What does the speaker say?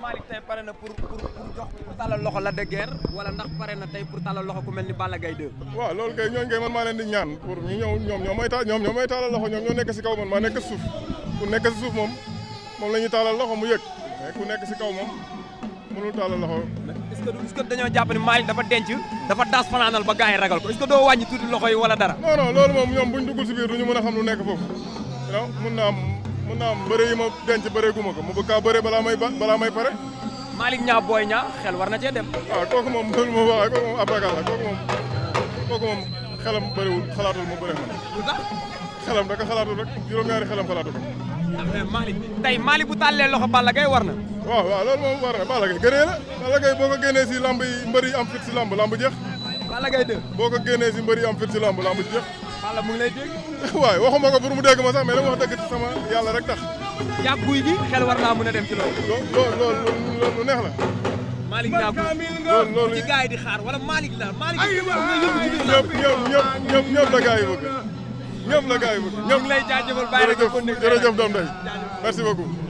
Malick tey pare na pour pour pour jox pour tàllal loxo la de guerre wala ndax pare na tey pour tàllal loxo ku mel ni Balla Gaye 2. waaw loolu kay ñooñu kay man maa leen di ñaan pour ñu ñëw ñoom may taal ñoom loxo ñoom ñoo nekk si kaw man maa nekk suuf ku nekk si suuf moom moom la ñuy tàllal loxo mu yëg mais ku nekk si kaw moom mënul a loxo. est-ce que est dañoo jàpp ni Malick dafa denc dafa daas fanaanal ba gars yi ragal ko est-ce que doo wàññi tuuti loxo yi wala dara. non non loolu moom ñoom mën naa am ma denc bëre gu ma ko ma bëgg kaa bëre balaa may balaa may pare. Malick Niang Boy Niang xel war na cee dem. waaw ah, kooku moom loolu moom waaw kooku moom abragal la kooku moom kooku moom xelam bëriwul xalaatul ma bëre man. lu tax xalaatul rek juróom-ñaari xelam xalaatul. Eh, tey Malick bu tàllee loxo Balla Gaye war na. waaw a loolu moom war na Balla Gaye gënee la Balla Gaye boo ko génnee si lamb yi mbër am fit si lamb lamb jeex. Balla Gaye boo ko Balla mu ngi lay dégg. waay waxuma ko pour mu dégg ma sax mais dama wax dëgg sama yàlla rek tax. yàgg guy gi xel war naa mën a dem ci loolu. loolu loolu lu neex la. Malick Ndiago loolu loolu ci gars yi di xaar wala Malick la Malick. ñëpp ñëpp ñëpp ñëpp la gars yi bëgg. ñëpp la gars yi bëgg. ñëpp ñu ngi lay jaajëfal bàyyi rek. jërëjëf jërëjëf doom day merci